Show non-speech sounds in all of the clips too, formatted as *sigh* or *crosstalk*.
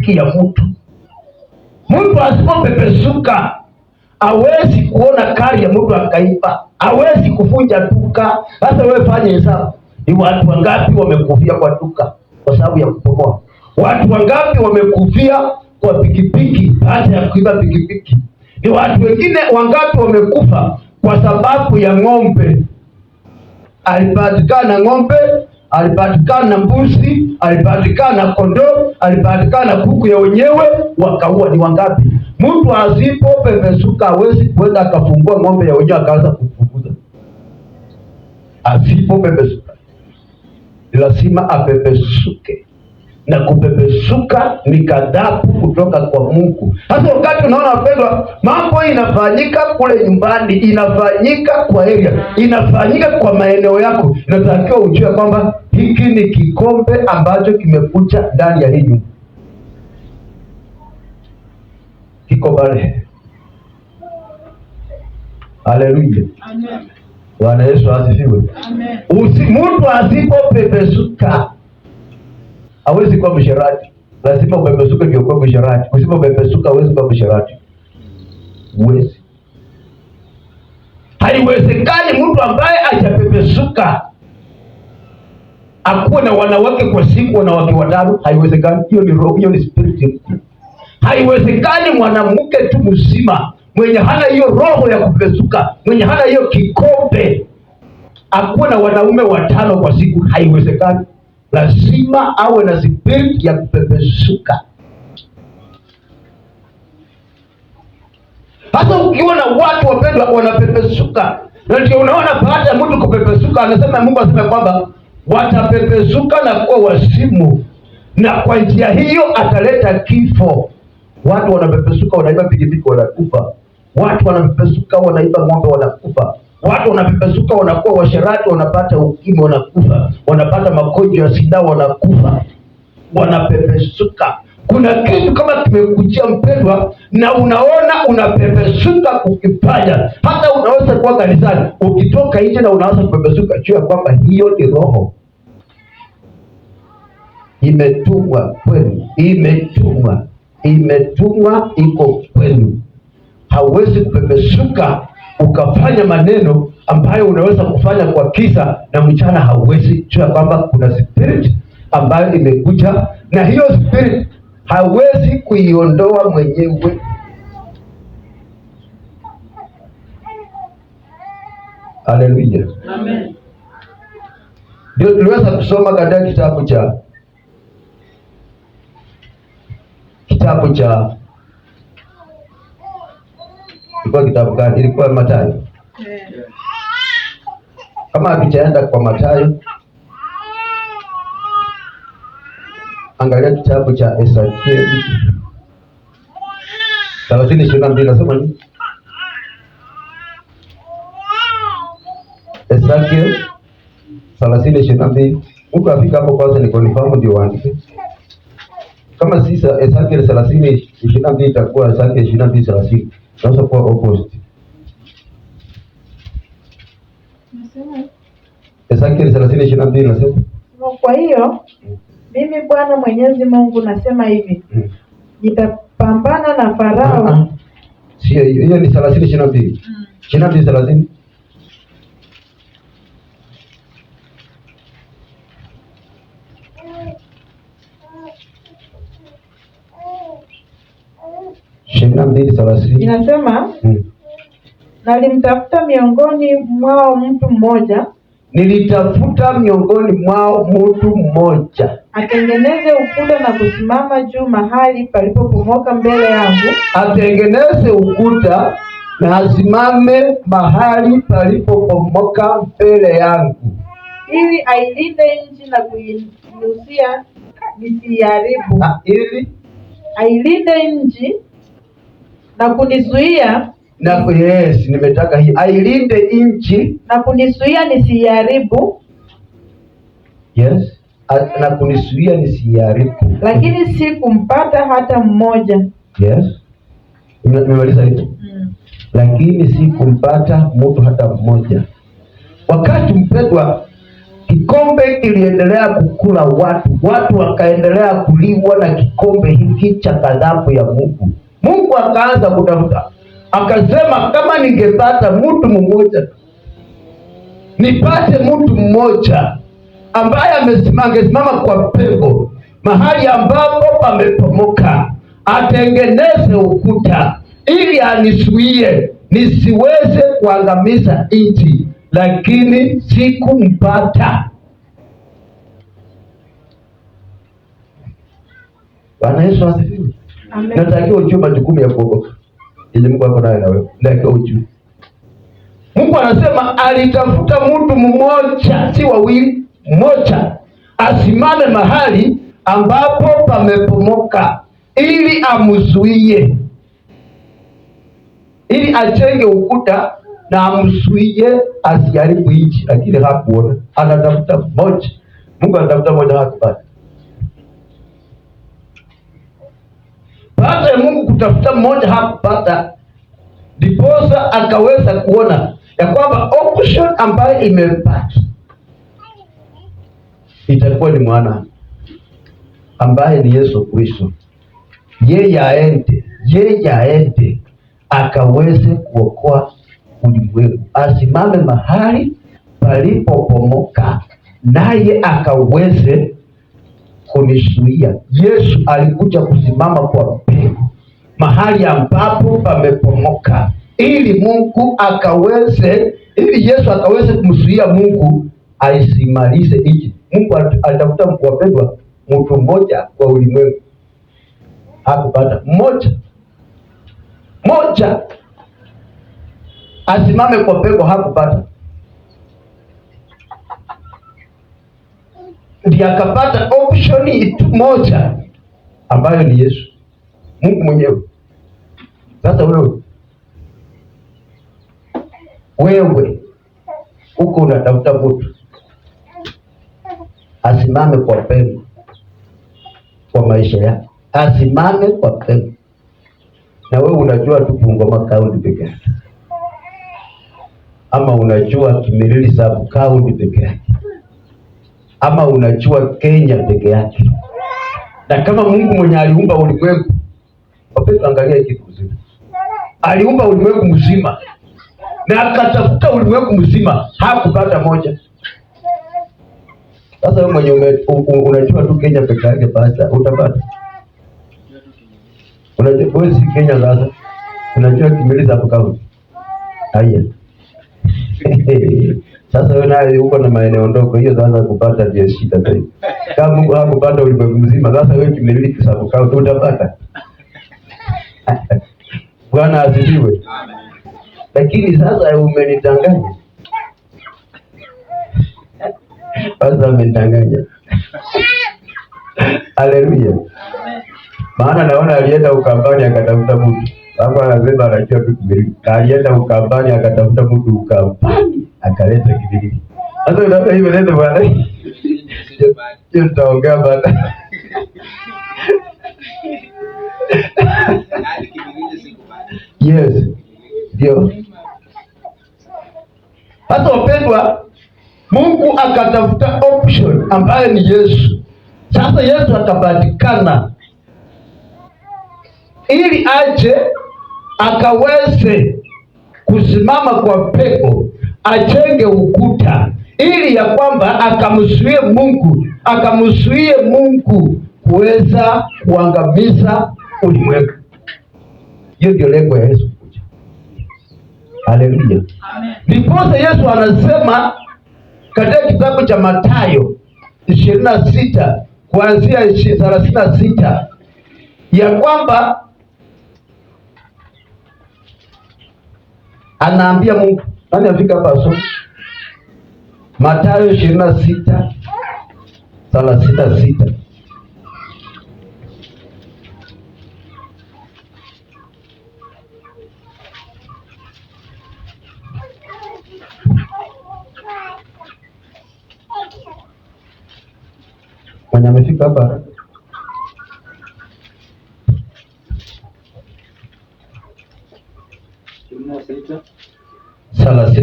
miliki ya mtu. Mtu asipopepesuka awezi kuona kari ya mtu akaiba, awezi kufunja duka. hasa wewe fanye hesabu, ni watu wangapi wamekufia kwa duka kwa sababu ya kupomoa Watu wangapi wamekufia kwa pikipiki baada ya kuiba pikipiki? Ni watu wengine wangapi wamekufa kwa sababu ya ng'ombe, alipatikana ng'ombe alipatikana mbuzi, alipatikana kondoo, alipatikana kuku ya wenyewe, wakaua. Ni wangapi? Mtu asipopepesuka hawezi kuenda akafungua ng'ombe ya wenyewe akaanza kufukuza. Asipopepesuka ni lazima apepesuke na kupepesuka mikadhabu kutoka kwa Mungu. Hasa wakati unaona wapendwa, mambo inafanyika kule nyumbani, inafanyika kwa heria, inafanyika kwa maeneo yako, inatakiwa ujue kwamba hiki ni kikombe ambacho kimekucha ndani ya hii nyumba, kiko pale. Haleluya, Bwana Yesu asifiwe. Usi mtu asipopepesuka hawezi kuwa msherati, lazima upepesuke ndio kuwa msherati. Usipo upepesuka hawezi kuwa msherati, huwezi. Haiwezekani mtu ambaye hajapepesuka akuwe na wanawake kwa siku, wanawake watano, haiwezekani. Hiyo ni roho, hiyo ni spirit. Haiwezekani mwanamke tu mzima mwenye hana hiyo roho ya kupesuka, mwenye hana hiyo kikombe akuwe na wanaume watano kwa siku, haiwezekani lazima awe na spirit ya kupepesuka. Hata ukiona watu wapendwa wanapepesuka, na ndio unaona baada ya mtu kupepesuka, anasema Mungu asema kwamba watapepesuka na kuwa wasimu, na kwa njia hiyo ataleta kifo. Watu wanapepesuka, wanaiba pikipiki, wanakufa. Watu wanapepesuka, wanaiba ng'ombe, wanakufa. Watu wanapepasuka, wanakuwa washerati, wanapata ukimwi, wanakufa, wanapata magonjwa ya sida, wanakufa, wanapepesuka. Kuna kitu kama kimekujia mpendwa, na unaona unapepesuka kukifanya. Hata unaweza kuwa kanisani ukitoka nje na unaanza kupepesuka, ya kwamba hiyo ni roho imetumwa kwenu, imetumwa, imetumwa, iko kwenu. Hawezi kupepesuka ukafanya maneno ambayo unaweza kufanya kwa kisa na mchana hauwezi. Jua kwamba kuna spirit ambayo imekuja, na hiyo spirit hawezi kuiondoa mwenyewe. Haleluya, amen. Ndio tuliweza kusoma katika kitabu cha kitabu cha ilikuwa kitabu gani? Ilikuwa Mathayo. Kama hatujaenda kwa Mathayo, angalia kitabu cha Ezekieli thelathini ishirini na mbili nasema nini? Ezekieli thelathini ishirini na mbili Mtu afika hapo kwanza, ni nikonifahamu ndio uandike kama sisa Ezekieli thelathini ishirini na mbili itakuwa Ezekieli ishirini na mbili thelathini tunaweza kuwa opposite. Ezekieli thelathini ishirini na mbili nasema kwa hiyo mimi Bwana Mwenyezi Mungu nasema hivi mm. nitapambana na Farao. Sio ah, hiyo, ah. hiyo ni thelathini ishirini na mbili mm. ishirini na mbili thelathini Inasema hmm. nalimtafuta miongoni mwao mtu mmoja nilitafuta miongoni mwao mtu mmoja atengeneze ukuta na kusimama juu mahali palipopomoka mbele yangu, atengeneze ukuta na asimame mahali palipopomoka mbele yangu, ili ailinde nchi na kuinusia nisiharibu, ili ailinde nchi na kunizuia na yes, nimetaka hii ailinde nchi na kunizuia nisiharibu. Yes, na kunizuia nisiharibu, lakini si kumpata hata mmoja. Yes, nimemaliza hiyo mm. Lakini kumpata mtu hata mmoja. Wakati Mpedwa kikombe kiliendelea kukula watu, watu wakaendelea kuliwa na kikombe hiki cha ghadhabu ya Mungu. Mungu akaanza kutafuta, akasema kama ningepata mtu mmoja, nipate mtu mmoja ambaye angesimama kwa pepo mahali ambapo pamepomoka, atengeneze ukuta ili anisuie nisiweze kuangamiza nchi, lakini sikumpata. Bwana Yesu asifiwe. Natakiwa ujue majukumu ya kuokoka ili Mungu ako na wewe, natakiwa ujue. Mungu anasema alitafuta mtu mmoja, si wawili, mmoja asimame mahali ambapo pamepomoka, ili amzuie, ili achenge ukuta na amzuie asiharibu nchi, lakini hakuona. Anatafuta mmoja, Mungu anatafuta mmoja hakupata baada ya Mungu kutafuta mmoja hapata, ndiposa akaweza kuona ya kwamba option ambayo imebaki itakuwa ni mwana ambaye ni Yesu Kristo, yeye aende, yeye aende akaweze kuokoa ulimwengu, asimame mahali palipopomoka, naye akaweze kunizuia. Yesu alikuja kusimama kwa mbingu mahali ambapo pamepomoka, ili Mungu akaweze, ili Yesu akaweze kumzuia Mungu aisimalize nchi. Mungu alitafuta mkuwapendwa mtu mmoja kwa ulimwengu, hakupata mmoja moja asimame kwa peko, hakupata. ndiye akapata option moja ambayo ni Yesu Mungu mwenyewe. Sasa wewe wewe uko unatafuta mtu asimame kwa pema kwa maisha yako, asimame kwa pema, na wewe unajua tu Bungoma kaunti peke yake, ama unajua Kimilili sabu kaunti peke yake ama unajua Kenya peke yake? Na kama Mungu mwenye aliumba ulimwengu, wape angalia kitu kizuri, aliumba ulimwengu mzima na akatafuta ulimwengu mzima, hakupata moja. Sasa wewe mwenye unajua tu Kenya peke yake, basi utapata unajua si Kenya. Sasa unajua kimili za kaunti haya *laughs* Sasa wewe naye uko na maeneo ndogo, hiyo sasa kupata ndio shida tena. Kama Mungu hakupata ulimwengu mzima, sasa wewe kimiliki sababu kama utapata. *laughs* Bwana asifiwe. Lakini sasa umenitanganya. Sasa umenitanganya. Haleluya. Maana naona alienda ukambani akatafuta mtu. Hapo anasema anachia tu kimiliki. Alienda ukambani akatafuta mtu ukambani akaleta kibiriti. Sasa unaona hiyo nende bwana. Sio tutaongea bwana. Yes. Ndio. Hata wapendwa, Mungu akatafuta option ambayo ni Yesu. Sasa Yesu akapatikana ili aje akaweze kusimama kwa pepo achenge ukuta ili ya kwamba akamzuie Mungu, akamzuie Mungu kuweza kuangamiza ulimwengu. Hiyo ndio lengo ya Yesu kuja. Haleluya, amen. Ndiposa Yesu anasema katika kitabu cha Mathayo ishirini na sita kuanzia thelathini na sita ya kwamba anaambia Mungu nani afika hapa asubuhi? Mathayo ishirini na sita thelathini na sita. Mwenye amefika hapa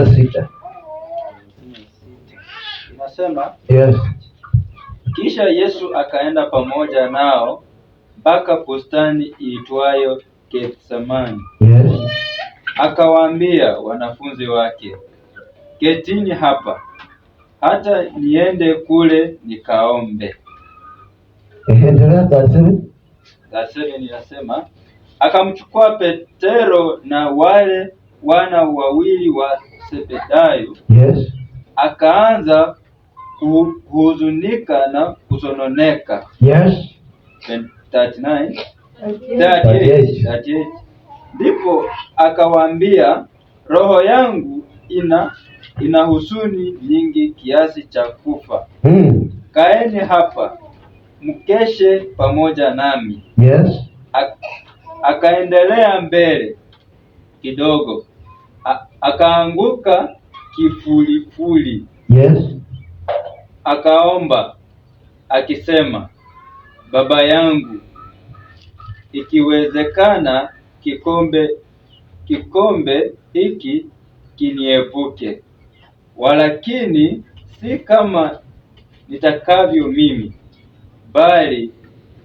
na sita inasema yes. Kisha Yesu akaenda pamoja nao mpaka bustani iitwayo Getsemani. Yes. Akawaambia wanafunzi wake, ketini hapa hata niende kule nikaombe. Inasema akamchukua Petero na wale wana wawili wa Sebedayo yes. Akaanza kuhuzunika na kusononeka yes. 39 ndipo akawaambia, roho yangu ina ina huzuni nyingi kiasi cha kufa mm. Kaeni hapa mkeshe pamoja nami yes. Akaendelea mbele kidogo akaanguka kifulifuli. Yes. Akaomba akisema, Baba yangu, ikiwezekana kikombe kikombe hiki kiniepuke, walakini si kama nitakavyo mimi, bali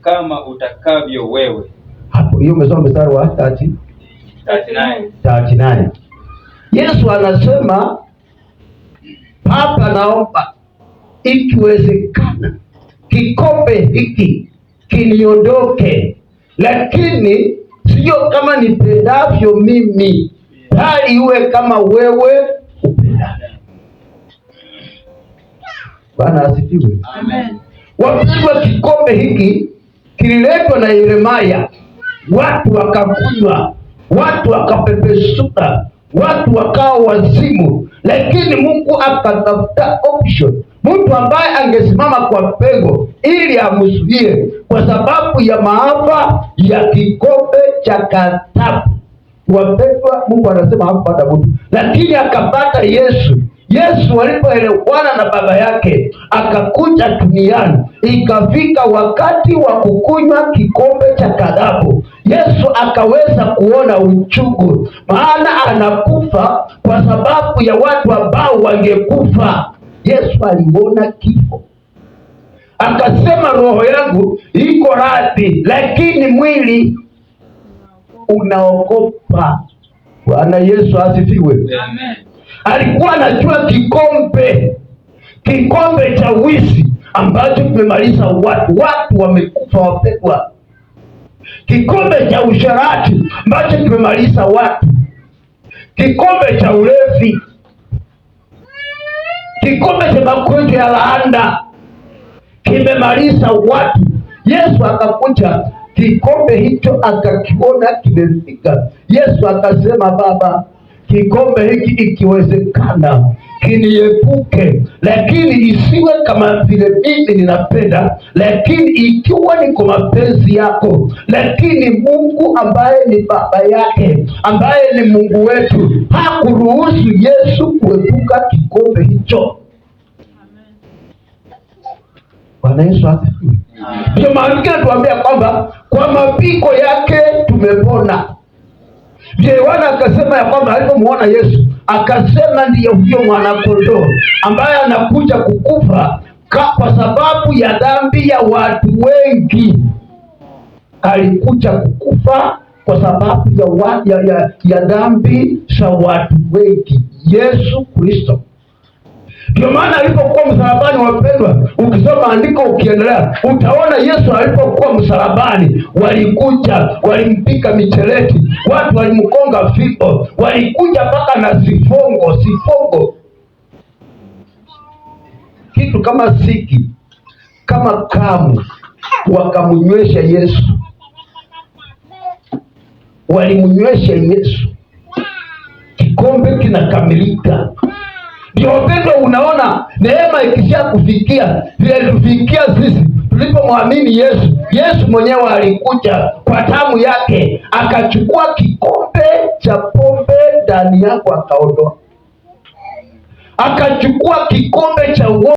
kama utakavyo wewe. Hapo hiyo umesoma mstari wa 30 39 39 Yesu anasema Baba, naomba ikiwezekana kikombe hiki kiniondoke, lakini sio kama nipendavyo mimi, bali iwe kama wewe upendavyo. Bwana asifiwe, amen. Wapendwa, kikombe hiki kililetwa na Yeremia, watu wakakunywa, watu wakapepesuka watu wakawa wazimu, lakini Mungu akatafuta option, mtu ambaye angesimama kwa pengo ili amzuie kwa sababu ya maafa ya kikombe cha katabu Wapendwa, Mungu anasema hakupata mtu, lakini akapata Yesu. Yesu alipoelewana na baba yake akakuja duniani, ikafika wakati wa kukunywa kikombe cha ghadhabu. Yesu akaweza kuona uchungu, maana anakufa kwa sababu ya watu ambao wangekufa. Yesu aliona kifo akasema, roho yangu iko radhi, lakini mwili unaogopa. Bwana Yesu asifiwe, amen alikuwa anajua kikombe, kikombe cha wizi ambacho kimemaliza watu, watu wamekufa wapegwa, kikombe cha usharati ambacho kimemaliza watu, kikombe cha ulevi, kikombe cha magonjwa ya laanda kimemaliza watu. Yesu akakuja, kikombe hicho akakiona kimefika. Yesu akasema, Baba kikombe hiki ikiwezekana kiniepuke, lakini isiwe kama vile mimi ninapenda, lakini ikiwa ni kwa mapenzi yako. Lakini Mungu ambaye ni baba yake, ambaye ni Mungu wetu, hakuruhusu Yesu kuepuka kikombe hicho. Bwana Yesu asifiwe. Ndio maana kinatuambia kwamba kwa mapiko yake tumepona. Ndiyo Yohana akasema ya kwamba alipomuona Yesu akasema ndiyo huyo mwanakondoo ambaye anakuja kukufa kwa sababu ya dhambi ya watu wengi. Alikuja kukufa kwa sababu ya, wa, ya, ya, ya dhambi za watu wengi. Yesu Kristo ndio maana alipokuwa msalabani, wapendwa, ukisoma andiko ukiendelea, utaona Yesu alipokuwa msalabani, walikuja walimpika micheleti, watu walimkonga fimbo, walikuja mpaka na sifongo. Sifongo kitu kama siki kama kamu, wakamnywesha Yesu, walimnywesha Yesu. Kikombe kinakamilika Ndiopendo unaona neema vile tufikia sisi tulipomwamini Yesu. Yesu mwenyewe alikuja kwa tamu yake akachukua kikombe cha pombe ndani yako akaondoa, akachukua kikombe cha uo